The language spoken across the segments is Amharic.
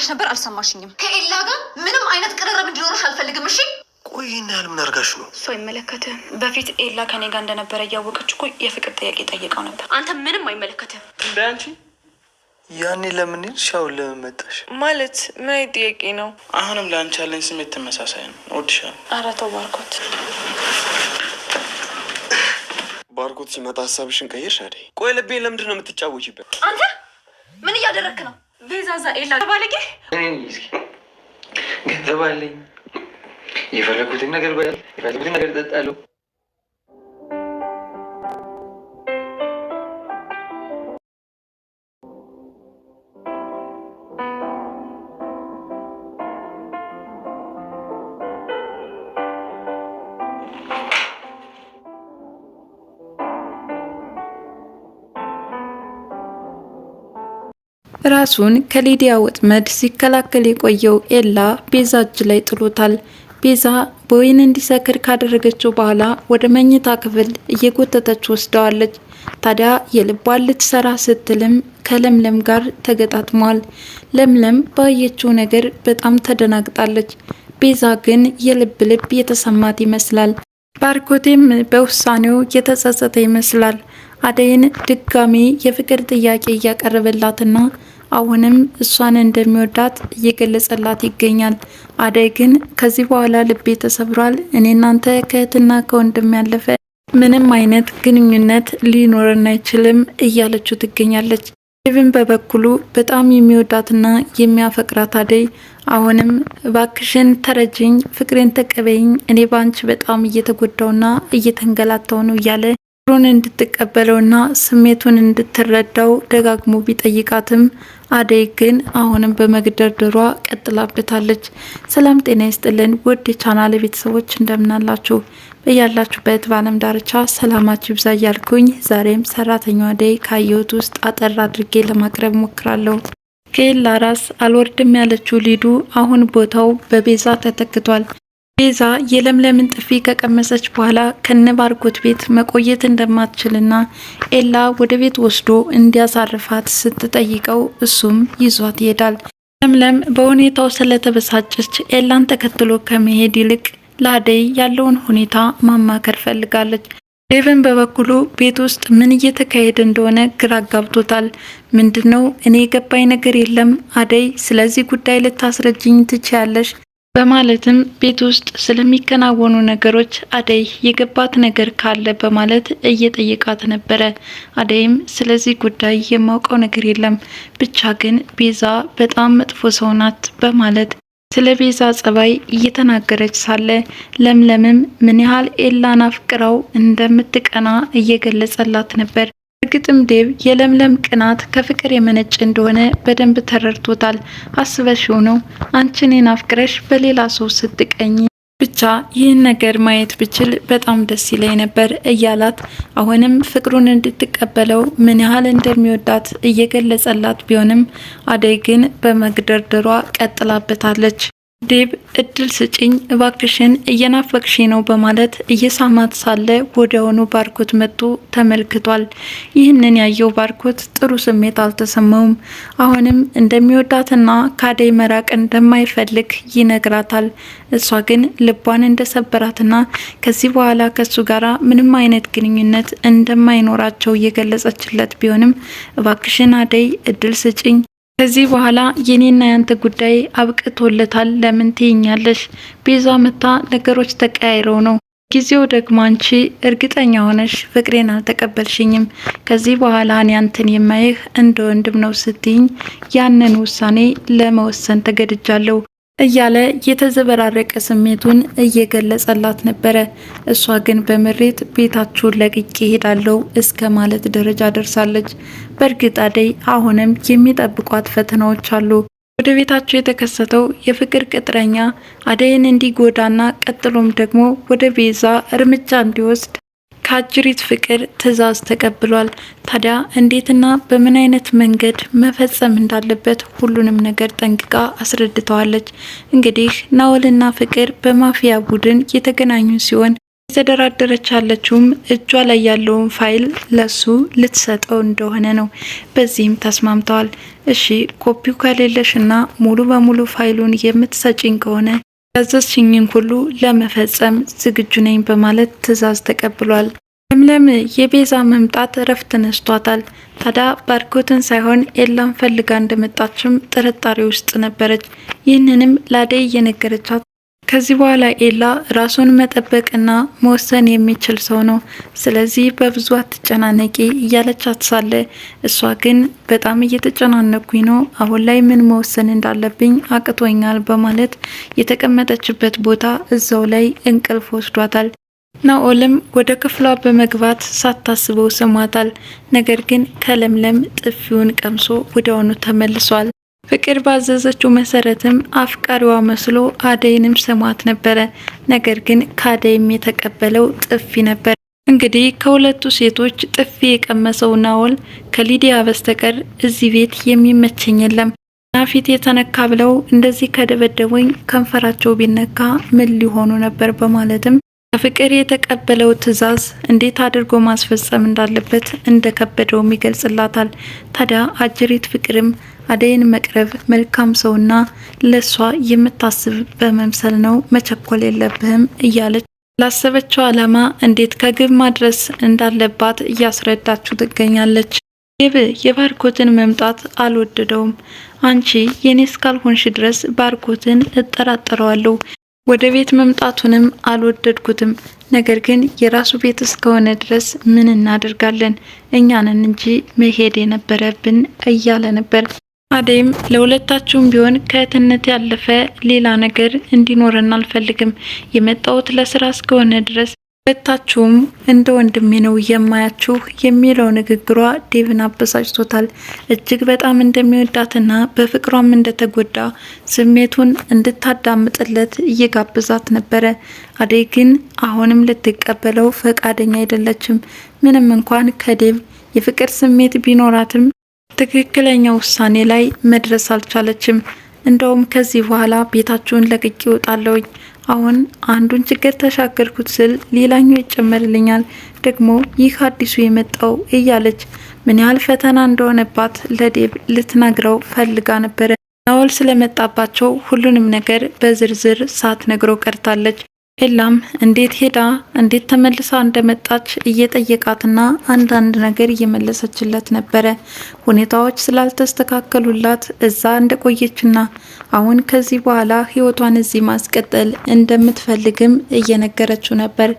ብለሽ ነበር፣ አልሰማሽኝም። ከኤላ ጋር ምንም አይነት ቅርርብ እንዲኖርህ አልፈልግም። እሺ ቆይ ይህን ያህል ምን አድርጋሽ ነው? እሱ አይመለከትም። በፊት ኤላ ከኔ ጋር እንደነበረ እያወቀች እኮ የፍቅር ጥያቄ ጠይቀው ነበር። አንተ ምንም አይመለከትም። እንደ አንቺ ያኔ ለምን ሄድሽ? አሁን ለምን መጣሽ? ማለት ምን አይነት ጥያቄ ነው? አሁንም ለአንቺ ያለኝ ስሜት ተመሳሳይ ነው። ወድሻል። ኧረ ተው ባርኮት። ባርኮት ሲመጣ ሀሳብሽን ቀየርሽ አይደል? ቆይ ልቤን ለምንድን ነው የምትጫወቺበት? አንተ ምን እያደረክ ነው? ደንዛዛ ኤላ ባለጌ ገንዘብ አለኝ የፈለጉትን ነገር በል የፈለጉትን ነገር ጠጣለሁ። ራሱን ከሊዲያ ወጥመድ ሲከላከል የቆየው ኤላ ቤዛ እጅ ላይ ጥሎታል። ቤዛ በወይን እንዲሰክር ካደረገችው በኋላ ወደ መኝታ ክፍል እየጎተተች ወስደዋለች። ታዲያ የልቧን ልትሰራ ስትልም ከለምለም ጋር ተገጣጥሟል። ለምለም ባየችው ነገር በጣም ተደናግጣለች። ቤዛ ግን የልብ ልብ የተሰማት ይመስላል። ባርኮቴም በውሳኔው የተጸጸተ ይመስላል። አደይን ድጋሜ የፍቅር ጥያቄ እያቀረበላትና አሁንም እሷን እንደሚወዳት እየገለጸላት ይገኛል። አደይ ግን ከዚህ በኋላ ልቤ ተሰብሯል፣ እኔ እናንተ ከእህትና ከወንድም ያለፈ ምንም አይነት ግንኙነት ሊኖረን አይችልም እያለችው ትገኛለች። ዴቭን በበኩሉ በጣም የሚወዳትና የሚያፈቅራት አደይ አሁንም እባክሽን ተረጅኝ፣ ፍቅሬን ተቀበይኝ፣ እኔ ባንቺ በጣም እየተጎዳውና እየተንገላታው ነው እያለ ሩን እንድትቀበለውና ስሜቱን እንድትረዳው ደጋግሞ ቢጠይቃትም አደይ ግን አሁንም በመግደርደሯ ቀጥላበታለች። ሰላም ጤና ይስጥልን ውድ የቻናል ቤተሰቦች እንደምናላችሁ በያላችሁበት በዓለም ዳርቻ ሰላማችሁ ይብዛ እያልኩኝ ዛሬም ሰራተኛዋ አደይ ካየሁት ውስጥ አጠር አድርጌ ለማቅረብ ሞክራለሁ። ከኤላ ራስ አልወርድም ያለችው ሊዱ አሁን ቦታው በቤዛ ተተክቷል። ቤዛ የለምለምን ጥፊ ከቀመሰች በኋላ ከነ ቤት መቆየት እንደማትችልና ኤላ ወደ ቤት ወስዶ እንዲያሳርፋት ስትጠይቀው እሱም ይዟት ይሄዳል። ለምለም በሁኔታው ስለተበሳጨች ኤላን ተከትሎ ከመሄድ ይልቅ ለአደይ ያለውን ሁኔታ ማማከር ፈልጋለች። ዴቭን በበኩሉ ቤት ውስጥ ምን እየተካሄደ እንደሆነ ግራ አጋብቶታል። ምንድነው እኔ የገባኝ ነገር የለም አደይ፣ ስለዚህ ጉዳይ ልታስረጅኝ ትችያለሽ በማለትም ቤት ውስጥ ስለሚከናወኑ ነገሮች አደይ የገባት ነገር ካለ በማለት እየጠየቃት ነበረ። አደይም ስለዚህ ጉዳይ የማውቀው ነገር የለም፣ ብቻ ግን ቤዛ በጣም መጥፎ ሰው ናት በማለት ስለ ቤዛ ጸባይ እየተናገረች ሳለ ለምለምም ምን ያህል ኤላን አፍቅራው እንደምትቀና እየገለጸላት ነበር። በእርግጥም ዴቭ የለምለም ቅናት ከፍቅር የመነጭ እንደሆነ በደንብ ተረድቶታል። አስበሽው ነው አንቺን አፍቅረሽ በሌላ ሰው ስትቀኝ ብቻ ይህን ነገር ማየት ብችል በጣም ደስ ይለኝ ነበር እያላት አሁንም ፍቅሩን እንድትቀበለው ምን ያህል እንደሚወዳት እየገለጸላት ቢሆንም አደይ ግን በመግደርደሯ ቀጥላበታለች። ዴብ እድል ስጪኝ እባክሽን እየናፈቅሽ ነው በማለት እየሳማት ሳለ ወዲያውኑ ባርኮት መጡ ተመልክቷል። ይህንን ያየው ባርኮት ጥሩ ስሜት አልተሰማውም። አሁንም እንደሚወዳትና ካደይ መራቅ እንደማይፈልግ ይነግራታል። እሷ ግን ልቧን እንደሰበራትና ከዚህ በኋላ ከሱ ጋራ ምንም አይነት ግንኙነት እንደማይኖራቸው እየገለጸችለት ቢሆንም እባክሽን አደይ እድል ስጪኝ ከዚህ በኋላ የኔና ያንተ ጉዳይ አብቅቶለታል። ለምን ትይኛለሽ? ቤዛ መታ ነገሮች ተቀያይረው ነው። ጊዜው ደግሞ አንቺ እርግጠኛ ሆነሽ ፍቅሬን አልተቀበልሽኝም፣ ከዚህ በኋላ እኔ አንተን የማይህ እንደ ወንድም ነው ስትይኝ ያንን ውሳኔ ለመወሰን ተገድጃለሁ። እያለ የተዘበራረቀ ስሜቱን እየገለጸላት ነበረ። እሷ ግን በምሬት ቤታችሁን ለቅቄ ሄዳለሁ እስከ ማለት ደረጃ ደርሳለች። በእርግጥ አደይ አሁንም የሚጠብቋት ፈተናዎች አሉ። ወደ ቤታቸው የተከሰተው የፍቅር ቅጥረኛ አደይን እንዲጎዳና ቀጥሎም ደግሞ ወደ ቤዛ እርምጃ እንዲወስድ ከአጅሪት ፍቅር ትዕዛዝ ተቀብሏል። ታዲያ እንዴትና በምን አይነት መንገድ መፈጸም እንዳለበት ሁሉንም ነገር ጠንቅቃ አስረድተዋለች። እንግዲህ ናወልና ፍቅር በማፊያ ቡድን የተገናኙ ሲሆን የተደራደረች ያለችውም እጇ ላይ ያለውን ፋይል ለሱ ልትሰጠው እንደሆነ ነው። በዚህም ተስማምተዋል። እሺ ኮፒው ከሌለሽ እና ሙሉ በሙሉ ፋይሉን የምትሰጭኝ ከሆነ ያዘዝሽኝን ሁሉ ለመፈጸም ዝግጁ ነኝ በማለት ትዕዛዝ ተቀብሏል። ለምለም የቤዛ መምጣት እረፍት ነስቷታል። ታዲያ ባርኮትን ሳይሆን ኤላን ፈልጋ እንደመጣችም ጥርጣሬ ውስጥ ነበረች። ይህንንም ላደይ እየነገረቻት ከዚህ በኋላ ኤላ ራሱን መጠበቅና መወሰን የሚችል ሰው ነው። ስለዚህ በብዙ አትጨናነቂ እያለቻት ሳለ እሷ ግን በጣም እየተጨናነኩኝ ነው፣ አሁን ላይ ምን መወሰን እንዳለብኝ አቅቶኛል በማለት የተቀመጠችበት ቦታ እዛው ላይ እንቅልፍ ወስዷታል። ናኦልም ወደ ክፍሏ በመግባት ሳታስበው ስሟታል። ነገር ግን ከለምለም ጥፊውን ቀምሶ ወዲያውኑ ተመልሷል። ፍቅር ባዘዘችው መሰረትም አፍቃሪዋ መስሎ አደይንም ስሟት ነበረ። ነገር ግን ከአደይም የተቀበለው ጥፊ ነበር። እንግዲህ ከሁለቱ ሴቶች ጥፊ የቀመሰው ናወል ከሊዲያ በስተቀር እዚህ ቤት የሚመቸኝ የለም ናፊት የተነካ ብለው እንደዚህ ከደበደቡኝ ከንፈራቸው ቢነካ ምን ሊሆኑ ነበር በማለትም ከፍቅር የተቀበለው ትዕዛዝ እንዴት አድርጎ ማስፈጸም እንዳለበት እንደከበደውም ይገልጽላታል። ታዲያ አጅሪት ፍቅርም አደይን መቅረብ መልካም ሰውና ለሷ የምታስብ በመምሰል ነው። መቸኮል የለብህም እያለች ላሰበችው ዓላማ እንዴት ከግብ ማድረስ እንዳለባት እያስረዳችሁ ትገኛለች። ይብ የባርኮትን መምጣት አልወደደውም። አንቺ የኔ እስካልሆንሽ ድረስ ባርኮትን እጠራጠረዋለሁ። ወደ ቤት መምጣቱንም አልወደድኩትም። ነገር ግን የራሱ ቤት እስከሆነ ድረስ ምን እናደርጋለን? እኛንን እንጂ መሄድ የነበረብን እያለ ነበር። አደይም ለሁለታችሁም ቢሆን ከእህትነት ያለፈ ሌላ ነገር እንዲኖረን አልፈልግም። የመጣሁት ለስራ እስከሆነ ድረስ ሁለታችሁም እንደ ወንድሜ ነው የማያችሁ የሚለው ንግግሯ ዴቭን አበሳጭቶታል። እጅግ በጣም እንደሚወዳትና በፍቅሯም እንደተጎዳ ስሜቱን እንድታዳምጥለት እየጋብዛት ነበረ። አደይ ግን አሁንም ልትቀበለው ፈቃደኛ አይደለችም። ምንም እንኳን ከዴቭ የፍቅር ስሜት ቢኖራትም ትክክለኛ ውሳኔ ላይ መድረስ አልቻለችም። እንደውም ከዚህ በኋላ ቤታችሁን ለቅቄ እወጣለሁኝ፣ አሁን አንዱን ችግር ተሻገርኩት ስል ሌላኛው ይጨመርልኛል፣ ደግሞ ይህ አዲሱ የመጣው እያለች ምን ያህል ፈተና እንደሆነባት ለዴብ ልትነግረው ፈልጋ ነበረ። ናወል ስለመጣባቸው ሁሉንም ነገር በዝርዝር ነግረው ቀርታለች። ኤላም እንዴት ሄዳ እንዴት ተመልሳ እንደመጣች እየጠየቃትና አንዳንድ ነገር እየመለሰችለት ነበረ። ሁኔታዎች ስላልተስተካከሉላት እዛ እንደቆየችና አሁን ከዚህ በኋላ ህይወቷን እዚህ ማስቀጠል እንደምትፈልግም እየነገረችው ነበር።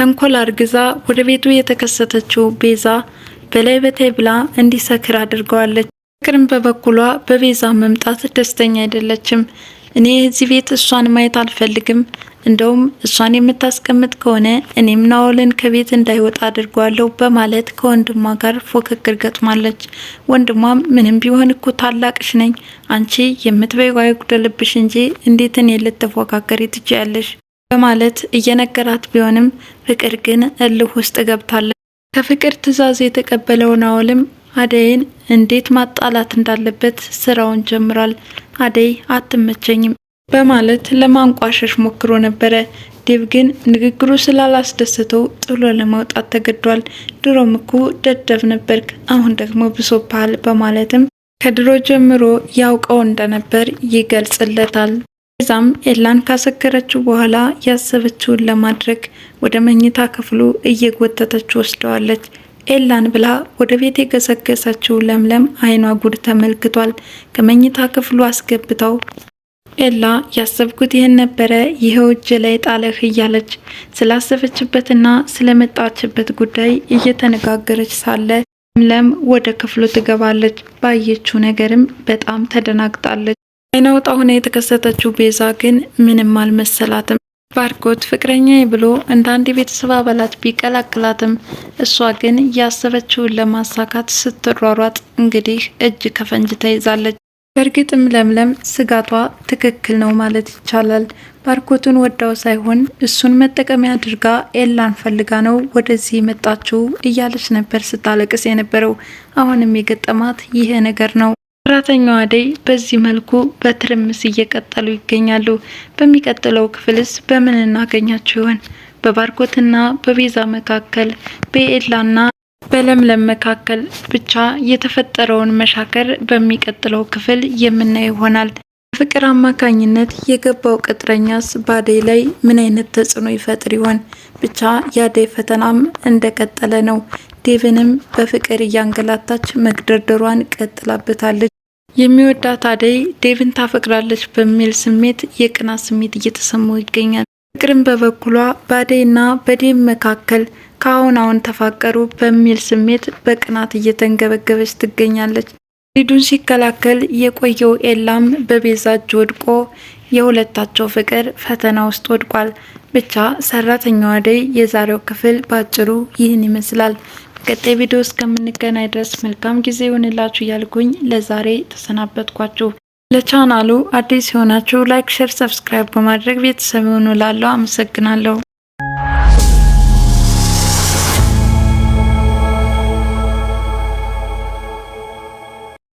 ተንኮል አርግዛ ወደ ቤቱ የተከሰተችው ቤዛ በላይ በታይ ብላ እንዲሰክር አድርገዋለች። ፍቅርም በበኩሏ በቤዛ መምጣት ደስተኛ አይደለችም። እኔ እዚህ ቤት እሷን ማየት አልፈልግም እንደውም እሷን የምታስቀምጥ ከሆነ እኔም ናወልን ከቤት እንዳይወጣ አድርጓለሁ በማለት ከወንድሟ ጋር ፉክክር ገጥማለች። ወንድሟም ምንም ቢሆን እኮ ታላቅሽ ነኝ፣ አንቺ የምትበይዋ ይጉደልብሽ እንጂ እንዴት እኔ ልትፎካከሪ ትችያለሽ? በማለት እየነገራት ቢሆንም ፍቅር ግን እልህ ውስጥ ገብታለች። ከፍቅር ትዕዛዝ የተቀበለው ናወልም አደይን እንዴት ማጣላት እንዳለበት ስራውን ጀምሯል። አደይ አትመቸኝም በማለት ለማንቋሸሽ ሞክሮ ነበረ። ዴቭ ግን ንግግሩ ስላላስደሰተው ጥሎ ለመውጣት ተገዷል። ድሮም እኮ ደደብ ነበርክ፣ አሁን ደግሞ ብሶብሃል በማለትም ከድሮ ጀምሮ ያውቀው እንደነበር ይገልጽለታል። ከዛም ኤላን ካሰከረችው በኋላ ያሰበችውን ለማድረግ ወደ መኝታ ክፍሉ እየጎተተች ወስደዋለች። ኤላን ብላ ወደ ቤት የገሰገሰችው ለምለም አይኗ ጉድ ተመልክቷል። ከመኝታ ክፍሉ አስገብተው ኤላ ያሰብኩት ይህን ነበረ፣ ይኸው እጅ ላይ ጣለህ እያለች ስላሰበችበትና ስለመጣችበት ጉዳይ እየተነጋገረች ሳለ ለምለም ወደ ክፍሉ ትገባለች። ባየችው ነገርም በጣም ተደናግጣለች። አይናውጣ ሆና የተከሰተችው ቤዛ ግን ምንም አልመሰላትም። ባርኮት ፍቅረኛ ብሎ እንዳንድ የቤተሰብ አባላት ቢቀላቅላትም እሷ ግን ያሰበችውን ለማሳካት ስትሯሯጥ እንግዲህ እጅ ከፈንጅ ተይዛለች። በእርግጥም ለምለም ስጋቷ ትክክል ነው ማለት ይቻላል። ባርኮቱን ወዳው ሳይሆን እሱን መጠቀሚያ አድርጋ ኤላን ፈልጋ ነው ወደዚህ መጣችው እያለች ነበር ስታለቅስ የነበረው። አሁንም የገጠማት ይሄ ነገር ነው። ሰራተኛዋ አደይ በዚህ መልኩ በትርምስ እየቀጠሉ ይገኛሉ። በሚቀጥለው ክፍልስ በምን እናገኛቸው ይሆን? በባርኮትና በቤዛ መካከል በኤላና በለምለም መካከል ብቻ የተፈጠረውን መሻከር በሚቀጥለው ክፍል የምናየው ይሆናል። በፍቅር አማካኝነት የገባው ቅጥረኛስ በአደይ ላይ ምን አይነት ተጽዕኖ ይፈጥር ይሆን? ብቻ የአደይ ፈተናም እንደቀጠለ ነው። ዴቭንም በፍቅር እያንገላታች መግደርደሯን ቀጥላበታለች። የሚወዳት አደይ ዴቭን ታፈቅራለች በሚል ስሜት የቅናት ስሜት እየተሰማው ይገኛል። ፍቅርን በበኩሏ በአደይና በዴቭ መካከል ከአሁን አሁን ተፋቀሩ በሚል ስሜት በቅናት እየተንገበገበች ትገኛለች። ሊዱን ሲከላከል የቆየው ኤላም በቤዛ እጅ ወድቆ የሁለታቸው ፍቅር ፈተና ውስጥ ወድቋል። ብቻ ሰራተኛዋ አደይ የዛሬው ክፍል በአጭሩ ይህን ይመስላል። በቀጣይ ቪዲዮ እስከምንገናኝ ድረስ መልካም ጊዜ ይሆንላችሁ እያልኩኝ ለዛሬ ተሰናበትኳችሁ። ለቻናሉ አዲስ የሆናችሁ ላይክ፣ ሸር፣ ሰብስክራይብ በማድረግ ቤተሰብ የሆኑ ላለው አመሰግናለሁ።